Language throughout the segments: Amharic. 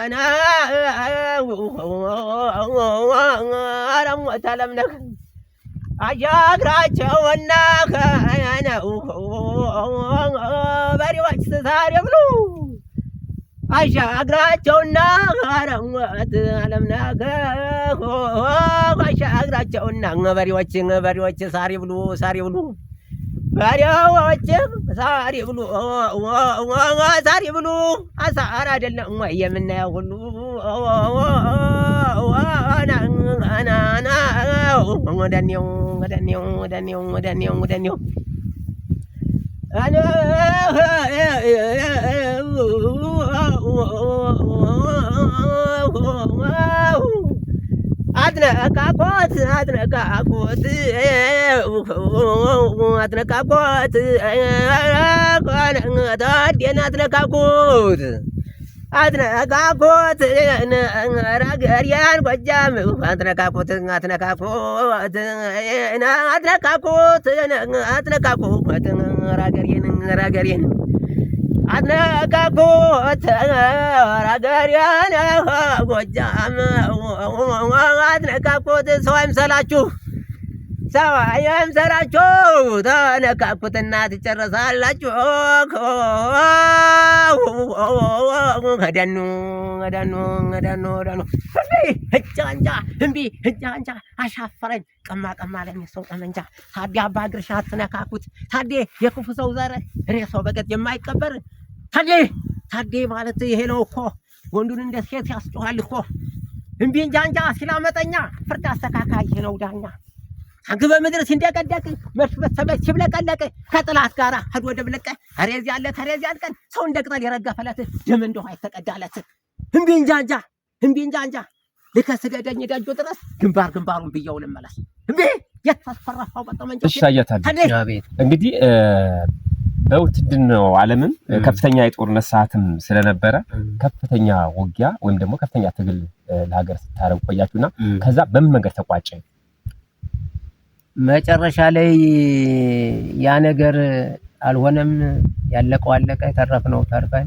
أنا አረሞተለም ነክ አጃግራቸውና በሬዎች ስሳር ብሉ አሻግራቸውና አረሞት አለምናከ አሻግራቸውና በሬዎች በሬዎች ሳሪ ብሉ ሳሪ ብሉ ዛሬ ብሉ ዛሬ ብሉ አሳራ አይደለ ወይ የምናየው ሁሉ ወደኔው አትነቃቆት አትነቃቆት አትነቃቆት ታዴን አትነቃቆት አትነቃቆት ረገሪያን ጎጃም አትነቃቆት አትነቃቆት አትነቃቆት አትነቃቆት ረገሪን ረገሪን አጥለቀኩት ራገሪያነ ጎጃም አጥለቀኩት። ሰው አይምሰላችሁ፣ ሰው አይምሰላችሁ። ተነካኩትና ትጨረሳላችሁ። ከደኑ ደኑ ደኑ ደኑ ህጫንጫ እምቢ ህጫንጫ አሻፈረኝ። ቀማ ቀማ ለኝ ሰው ጠመንጃ ታዲያ አባ ግርሻ አትነካኩት። ታዴ የክፉ ሰው ዘር ሬሶ በገጥ የማይቀበር ታዴ ታዴ ማለት ይሄ ነው እኮ ወንዱን እንደ ሴት ያስጮሃል እኮ እምቢ እንጃ እንጃ ሲላመጠኛ ፍርድ አስተካካይ ይሄ ነው ዳኛ አንግበ ምድር ሲንደቀደቅ መሽ በሰበች ሲብለቀለቅ ከጥላት ጋር ወደ ብለቀ ተሬዝ ያለ ተሬዝ ያልቀን ሰው እንደ ቅጠል የረገፈለት ደም እንደ ውሃ የተቀዳለት እምቢ እንጃ እንጃ እምቢ እንጃ እንጃ ልከስገደኝ ደጆ ድረስ ግንባር ግንባሩን ብየው ልመለስ እምቢ እንግዲህ በውትድርናው ዓለምም ከፍተኛ የጦርነት ሰዓትም ስለነበረ ከፍተኛ ውጊያ ወይም ደግሞ ከፍተኛ ትግል ለሀገር ስታደርጉ ቆያችሁና ከዛ በምን መንገድ ተቋጨ? መጨረሻ ላይ ያ ነገር አልሆነም። ያለቀው አለቀ፣ የተረፍነው ተርፈን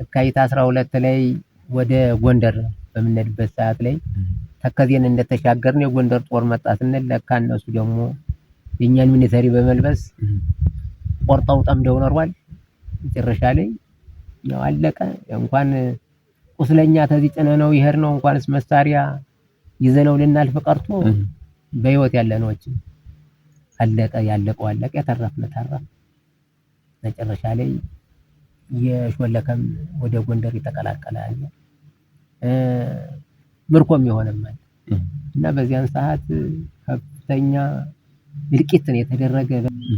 የካቲት አስራ ሁለት ላይ ወደ ጎንደር በምንሄድበት ሰዓት ላይ ተከዜን እንደተሻገርን የጎንደር ጦር መጣ ስንል ለካ እነሱ ደግሞ የእኛን ሚኒተሪ በመልበስ ቆርጠው ጠምደው ኖሯል። መጨረሻ ላይ ያው አለቀ። እንኳን ቁስለኛ ተዚህ ጭነ ነው ይሄድ ነው እንኳንስ መሳሪያ ይዘነው ልናልፍ ቀርቶ በህይወት ያለ ያለነዎችን አለቀ። ያለቀው አለቀ፣ የተረፍነ ተረፍ። መጨረሻ ላይ የሾለከም ወደ ጎንደር የተቀላቀለ አለ። ምርኮም የሆነማል እና በዚያን ሰዓት ከፍተኛ እልቂት ነው የተደረገ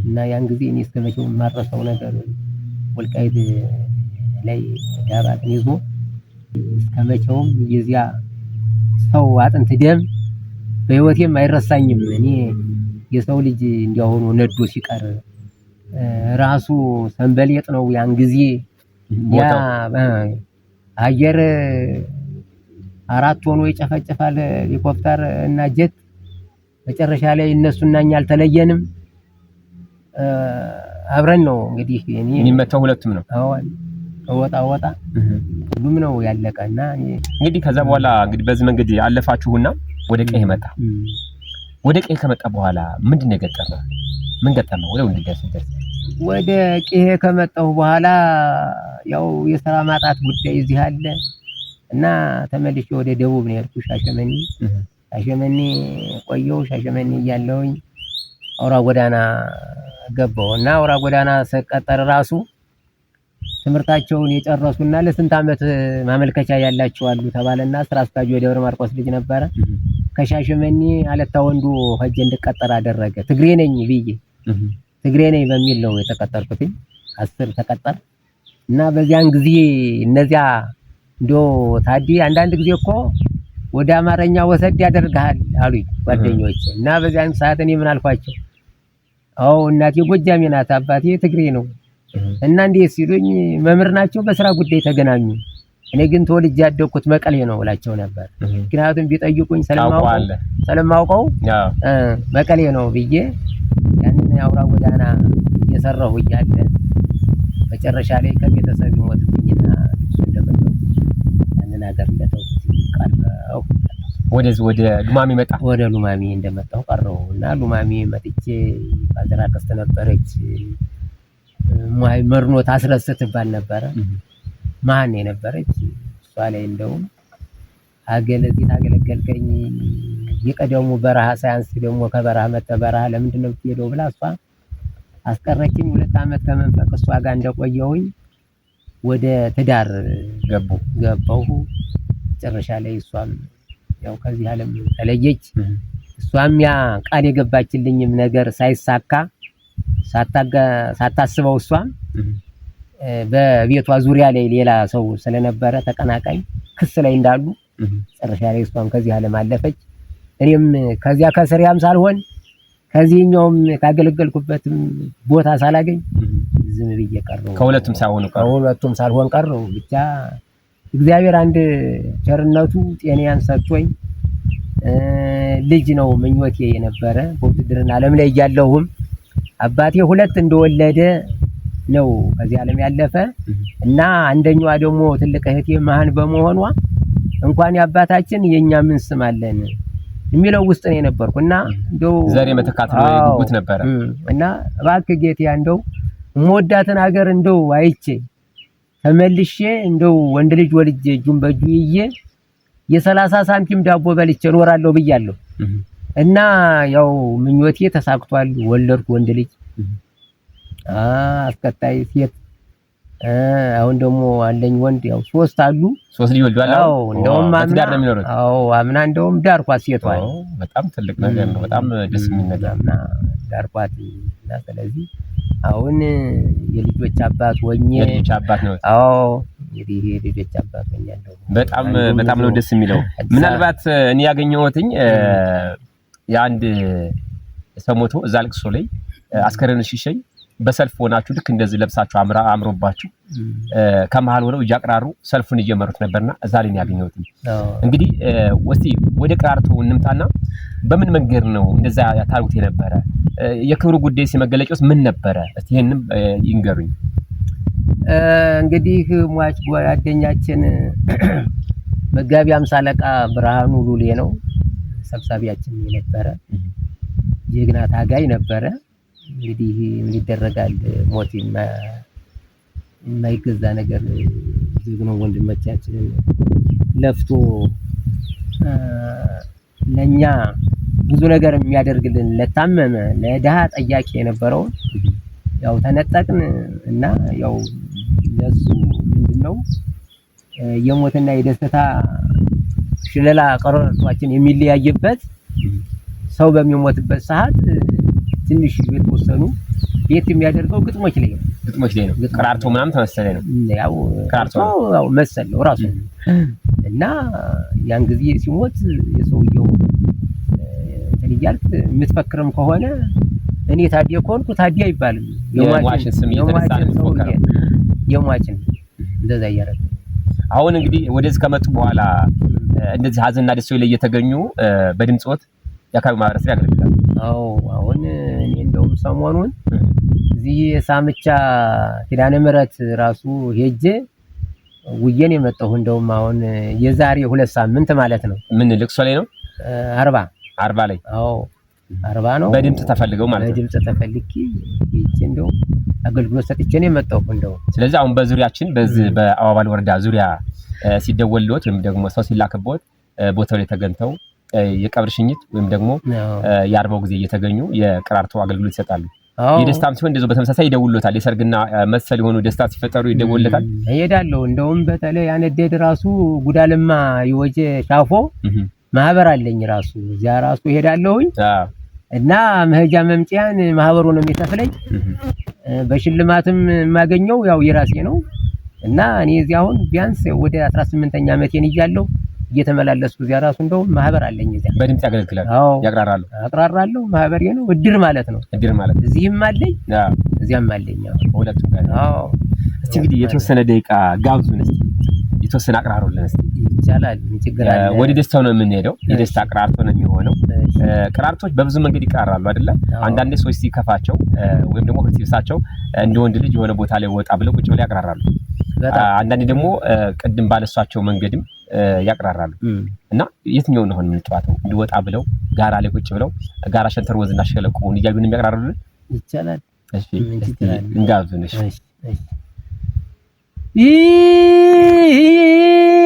እና ያን ጊዜ እኔ እስከ መቼው የማረሰው ነገር ወልቃይት ላይ ዳባትን ይዞ እስከ መቼውም የዚያ ሰው አጥንት ደም በህይወቴም አይረሳኝም። እኔ የሰው ልጅ እንዲያሆኑ ነዶ ሲቀር ራሱ ሰንበሌጥ ነው ያን ጊዜ ያ አየር አራት ሆኖ ይጨፈጭፋል ሄሊኮፕተር እና ጀት። መጨረሻ ላይ እነሱና እኛ አልተለየንም። አብረን ነው እንግዲህ እኔ የሚመታው ሁለቱም ነው። አዎ ወጣ ወጣ ሁሉም ነው ያለቀና እንግዲህ ከዛ በኋላ እንግዲህ በዚህ መንገድ አለፋችሁና ወደ ቀይ መጣ። ወደ ቀይ ከመጣ በኋላ ምንድን ነው የገጠመው? ምን ገጠመ? ወደ ወንድ ጋር ወደ ቀይ ከመጣሁ በኋላ ያው የስራ ማጣት ጉዳይ እዚህ አለ እና ተመልሼ ወደ ደቡብ ነው የሄድኩት ሻሸመኔ ሻሸመኔ ቆየሁ ሻሸመኔ እያለሁኝ አውራ ጎዳና ገባው እና አውራ ጎዳና ስቀጠር ራሱ ትምህርታቸውን የጨረሱና ለስንት ዓመት ማመልከቻ ያላቸው አሉ ተባለና ስራ አስኪያጁ የደብረ ማርቆስ ልጅ ነበረ። ከሻሸመኔ አለታ ወንዱ ሄጄ እንድቀጠር አደረገ። ትግሬ ነኝ ብዬ ትግሬ ነኝ በሚል ነው የተቀጠርኩትኝ። አስር ተቀጠር እና በዚያን ጊዜ እነዚያ እንዶ ታዲ አንዳንድ ጊዜ እኮ ወደ አማርኛ ወሰድ ያደርግሃል አሉኝ ጓደኞች። እና በዚያን ሰዓት እኔ ምን አልኳቸው? አዎ እናቴ ጎጃሜ ናት፣ አባቴ ትግሬ ነው። እና እንዴ ሲሉኝ መምህር ናቸው፣ በስራ ጉዳይ ተገናኙ። እኔ ግን ተወልጄ ያደግኩት መቀሌ ነው ብላቸው ነበር። ምክንያቱም ቢጠይቁኝ ስለማውቀው መቀሌ ነው ብዬ ያንን አውራ ጎዳና እየሰራሁ እያለ መጨረሻ ላይ ከቤተሰብ ይሞትብኝና እንደምን ከመናገር እንደተውኩት ቀረሁ። ወደዚህ ወደ ሉማሜ መጣ ወደ ሉማሜ እንደመጣው ቀረው እና ሉማሜ መጥቼ ባልደራ ቅስት ነበረች ማይ መርኖ ታስረስት ትባል ነበረ። ማን የነበረች እሷ ላይ እንደውም አገለዚህ ታገለገልከኝ የቀደሙ በረሃ ሳያንስ ደግሞ ከበረሃ መጥተህ በረሃ ለምንድን ነው የምትሄደው ብላ እሷ አስቀረችኝ። ሁለት ዓመት ከመንፈቅ እሷ ጋር እንደቆየሁኝ ወደ ትዳር ገቡ ገባሁ። መጨረሻ ላይ እሷም ያው ከዚህ ዓለም ተለየች። እሷም ያ ቃል የገባችልኝም ነገር ሳይሳካ ሳታስበው እሷም በቤቷ ዙሪያ ላይ ሌላ ሰው ስለነበረ ተቀናቃኝ ክስ ላይ እንዳሉ መጨረሻ ላይ እሷም ከዚህ ዓለም አለፈች። እኔም ከዚያ ከስሪያም ሳልሆን ከዚህኛውም ካገለገልኩበትም ቦታ ሳላገኝ ዝም ብዬ ቀረሁ። ከሁለቱም ሳልሆን ቀረሁ። ከሁለቱም ሳልሆን ቀረሁ። ብቻ እግዚአብሔር አንድ ቸርነቱ ጤናዬን ሰጥቶኝ ልጅ ነው ምኞቴ የነበረ በውትድርና ዓለም ላይ እያለሁም አባቴ ሁለት እንደወለደ ነው ከዚህ ዓለም ያለፈ እና አንደኛዋ ደግሞ ትልቅ እህቴ መሀን በመሆኗ እንኳን የአባታችን የኛ ምን ስም አለን የሚለው ውስጥ ነው የነበርኩ እና እንደው ዘሬ መተካት ነው ጉጉት ነበረ እና እባክህ ጌቴ እንደው የምወዳትን ሀገር እንደው አይቼ ተመልሼ እንደው ወንድ ልጅ ወልጄ እጁን በእጁ ይዤ የሰላሳ ሳንቲም ዳቦ በልቼ እኖራለሁ ብያለሁ። እና ያው ምኞቴ ተሳክቷል። ወለድኩ ወንድ ልጅ አስከታይ ሴት። አሁን ደግሞ አለኝ ወንድ ያው ሶስት አሉ። ሶስት ልጅ ወልዷል። አዎ እንደውም ዳር ነው የሚኖሩት። አዎ አምና እንደውም ዳርኳት ሴቷን። በጣም ትልቅ ነገር ነው። በጣም ደስ የሚል ነገር ዳርኳት እና ስለዚህ አሁን የልጆች አባት ሆኜ የልጆች አባት ነው። አዎ እንግዲህ የልጆች አባት ሆኛለሁ። በጣም በጣም ነው ደስ የሚለው። ምናልባት እኔ ያገኘሁትኝ የአንድ ሰው ሞቶ እዛ ልቅሶ ላይ አስከረን ሽሸኝ በሰልፍ ሆናችሁ ልክ እንደዚህ ለብሳችሁ አምራ አምሮባችሁ ከመሀል ሆነው እያቅራሩ ሰልፉን እየመሩት ነበርና እዛ ላይ ያገኘሁት። እንግዲህ ወስቲ ወደ ቅራርቶ እንምጣና በምን መንገድ ነው እንደዛ ታርጉት የነበረ? የክብሩ ጉዳይ ሲመገለጫውስ ምን ነበረ? እስቲ ይሄንም ይንገሩኝ። እንግዲህ ሟች ጓደኛችን መጋቢ ሃምሳ አለቃ ብርሃኑ ሉሌ ነው ሰብሳቢያችን የነበረ ጀግና ታጋይ ነበረ። እንግዲህ ምን ይደረጋል ሞት የማይገዛ ነገር ጀግናው ወንድሞቻችንን ለፍቶ ለእኛ ብዙ ነገር የሚያደርግልን ለታመመ ለድሃ ጠያቂ የነበረውን ያው ተነጠቅን እና ያው ለሱ ምንድነው የሞትና የደስታ ሽለላ ቀረርቷችን የሚለያይበት ሰው በሚሞትበት ሰዓት ትንሽ የተወሰኑ ቤት የሚያደርገው ግጥሞች ላይ ነው። ግጥሞች ላይ ነው። ቀራርቶ ምናምን ተመሰለ ነው ያው ቀራርቶ ያው መሰለው ራሱ እና ያን ጊዜ ሲሞት የሰውየው እንትን እያልክ የምትፈክርም ከሆነ እኔ ታዲያ ከሆንኩ ታዲያ አይባልም። የሟችን ስም እየተነሳ የሟችን እንደዛ እያደረገ አሁን እንግዲህ ወደዚህ ከመጡ በኋላ እንደዚህ ሀዘንና ደስ ላይ እየተገኙ በድምጾት የአካባቢ ማህበረሰብ ያገለግላል። አዎ አሁን እኔ እንደውም ሰሞኑን እዚህ ሳምቻ ኪዳነ ምሕረት ራሱ ሄጄ ውዬን የመጣሁ እንደውም አሁን የዛሬ ሁለት ሳምንት ማለት ነው። ምን ልቅሶ ላይ ነው አርባ አርባ ላይ አዎ አርባ ነው በድምፅ ተፈልገው ማለት ነው። በድምፅ ተፈልጌ ይቺ እንደው አገልግሎት ሰጥቼ ነው የመጣሁት እንደው። ስለዚህ አሁን በዙሪያችን በዚህ በአዋባል ወረዳ ዙሪያ ሲደወልልዎት ወይም ደግሞ ሰው ሲላክብዎት ቦታው ላይ ተገኝተው የቀብር ሽኝት ወይም ደግሞ የአርባው ጊዜ እየተገኙ የቀራርተው አገልግሎት ይሰጣሉ። የደስታም ሲሆን እንደዚያው በተመሳሳይ ይደውልዎታል። የሰርግና መሰል የሆኑ ደስታ ሲፈጠሩ ይደውልዎታል። እሄዳለሁ እንደውም በተለይ አነደድ ራሱ ጉዳልማ ይወጀ ሻፎ ማህበር አለኝ ራሱ እዚያ ራሱ እሄዳለሁኝ እና መሄጃ መምጫያን ማህበሩ ነው የሚከፍለኝ። በሽልማትም የማገኘው ያው የራሴ ነው እና እኔ እዚህ አሁን ቢያንስ ወደ 18ኛ ዓመቴን እያለሁ እየተመላለስኩ እዚያ ራሱ እንደውም ማህበር አለኝ። እዚያ በድምጽ ያገለግላል፣ ያቅራራሉ፣ አቅራራለሁ። ማህበር ነው እድር ማለት ነው። እድር ማለት እዚህም አለኝ እዚያም አለኝ። ሁለቱም ጋር። አዎ፣ እስቲ እንግዲህ የተወሰነ ደቂቃ ጋብዙን፣ እስቲ የተወሰነ አቅራሩልን እስቲ ይቻላል። ወደ ደስታው ነው የምንሄደው። የደስታ ቅራርቶ ነው የሚሆነው። ቅራርቶች በብዙ መንገድ ይቀራራሉ አይደለ? አንዳንዴ ሰዎች ሲከፋቸው ወይም ደግሞ ሲብሳቸው እንደ ወንድ ልጅ የሆነ ቦታ ላይ ወጣ ብለው ቁጭ ብለው ያቅራራሉ። አንዳንዴ ደግሞ ቅድም ባለሷቸው መንገድም ያቅራራሉ እና የትኛውን ነው አሁን የምንጫወተው? እንዲወጣ ብለው ጋራ ላይ ቁጭ ብለው ጋራ ሸንተር ወዝና ሸለቆውን እያሉን የሚያቅራሩልን ይቻላል። እሺ እሺ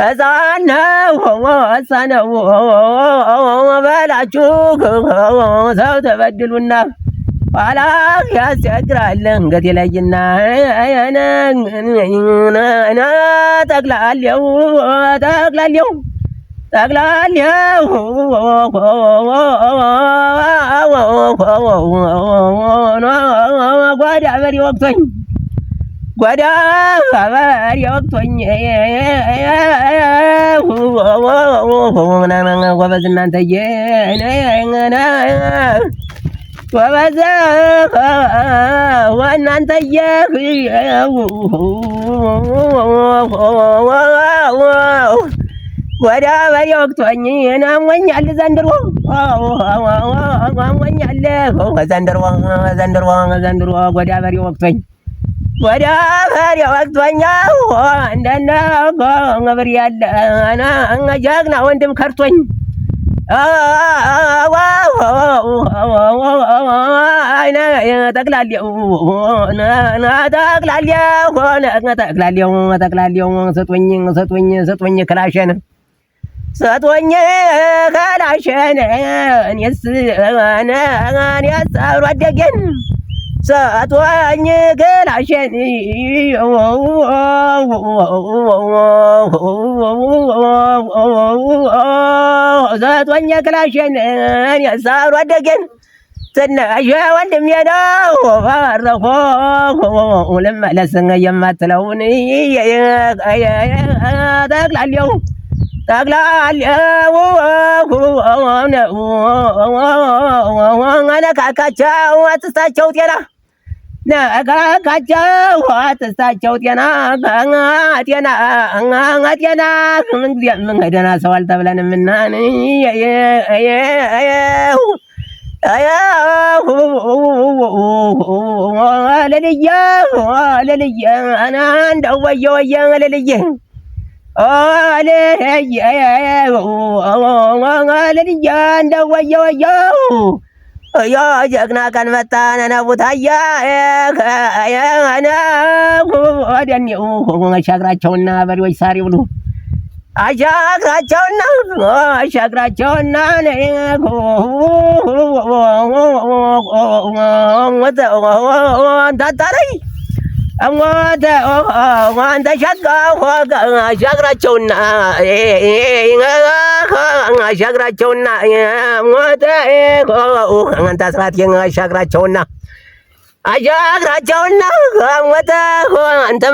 ሕፃን ነው በላችሁ ሰው ተበድሉና ኋላ ያስቸግራል እንገት ይለይና ጠቅላላው ጠቅላላው ጠቅላላው ጓዳ በሬ ወቅቶኝ ጓዳ በሬ ወቅቶኝ ጎበዝ፣ እናንተዬ ጎበዝ፣ እናንተዬ ጓዳ ዘንድሮ አሞኛል ዘንድሮ ዘንድሮ ዘንድሮ ጓዳ አባሪ ወቅቶኝ ወደ ፈሪ እንደነ ያለ ጀግና ወንድም ከርቶኝ ጠቅላላው ክላሸን ክላሸን እኔስ እኔስ አብሮ አደጌን ሰጥቶኝ ገላሽን ሰጥቶኝ ገላሽን የሳሩ አደገን ትናሽ ወንድም የለው ባረኮ ልመለስ የማትለውን ጠቅላለው ጠቅላለው ነካካቸው አትስታቸው ጤና ነጋጋቸው አትስታቸው ጤና ጤና ጤና ምን ጊዜ ደህና ሰው አልተብለንምና ልልየ ልልየ አና እንደው ወየ ወየ ልልየ ልልየ እንደው ወየ ወየው ዮ ጀግና መጣ ነነቡታያ ደኔው አሻግራቸውና በሬዎች ሳሪ ብሉ አሻግራቸውና አሻግራቸውና አሻግራቸውና ሞተ አንተ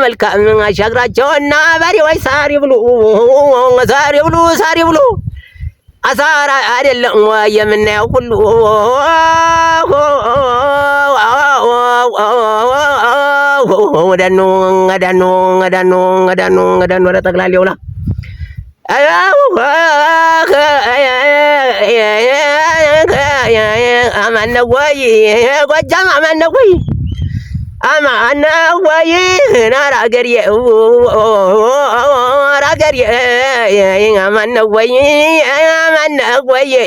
ወይ አይደለም የምናየው ሁሉ ወደኑ ወደኑ ወደኑ ወደኑ ወደኑ ወደ ጠቅላላ ይውላ አማነው ጎጃም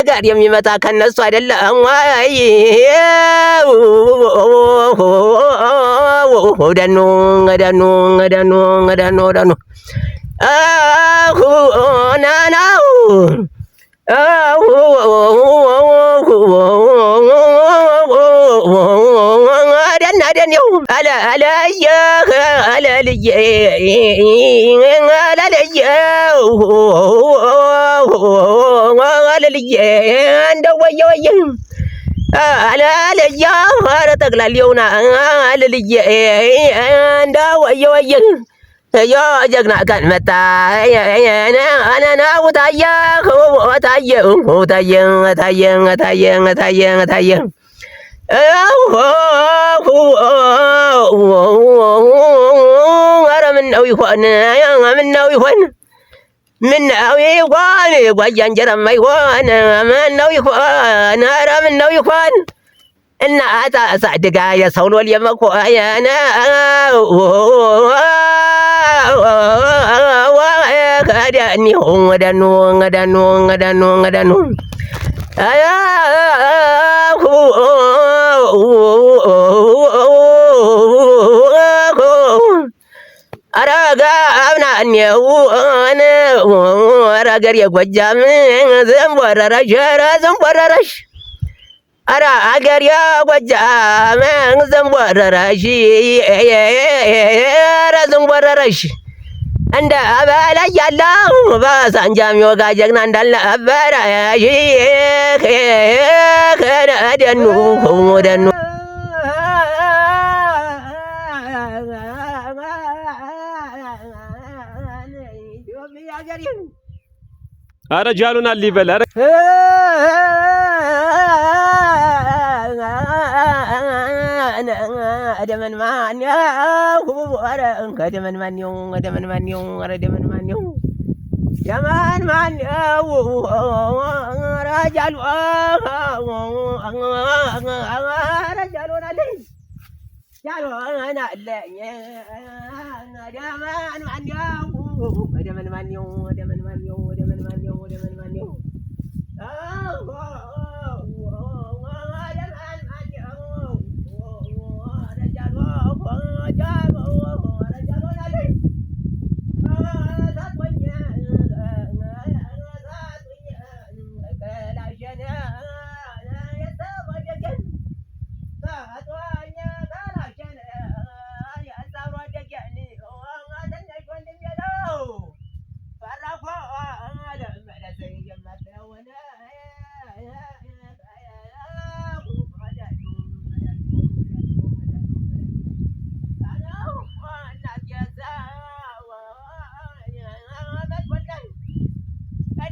ጋር የሚመጣ ከነሱ አይደለም ወይ ደኑ ደኑ ደኑ ደኑ ደኑ አሁን ነው አደን ወየ ወየ አለልየ ኧረ ጠቅላላውን አለልየ እንደው ወየ ወየ ዮ ጀግና ቀን መጣ ነው ታየ ታየ ታየ ታየ ታየ ታየ ኧረ ምነው ይሆን ምነው ይሆን ምነው ይሆን ጓያ እንጀራማ ይሆን ምነው ይሆን ኧረ ምነው ይሆን እና አሳድጋ የሰው ሎል የመኮየነ ni ngada nu ngada nu ngada nu ngada nu aya ku araga abna ni ana aragar ya gwajja min zan barara jara zan barara shi አራ አገር የጎጃም ዝንቦረረሽ ኧረ ዝንቦረረሽ እንደ በላይ ያለው በሳንጃ የሚወጋ ጀግና እንዳልነበረ ደኑ ደኑ አረ ጃሉና ሊበል man ah, ah, ada ada man man yung oh, ada man man yung oh, ada man man yung oh. Yaman man rajal rajal nalin jalo ana la yaman man yung ah, ada man man yung ada man man yung ada man man yung ada man man yung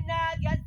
Not yet.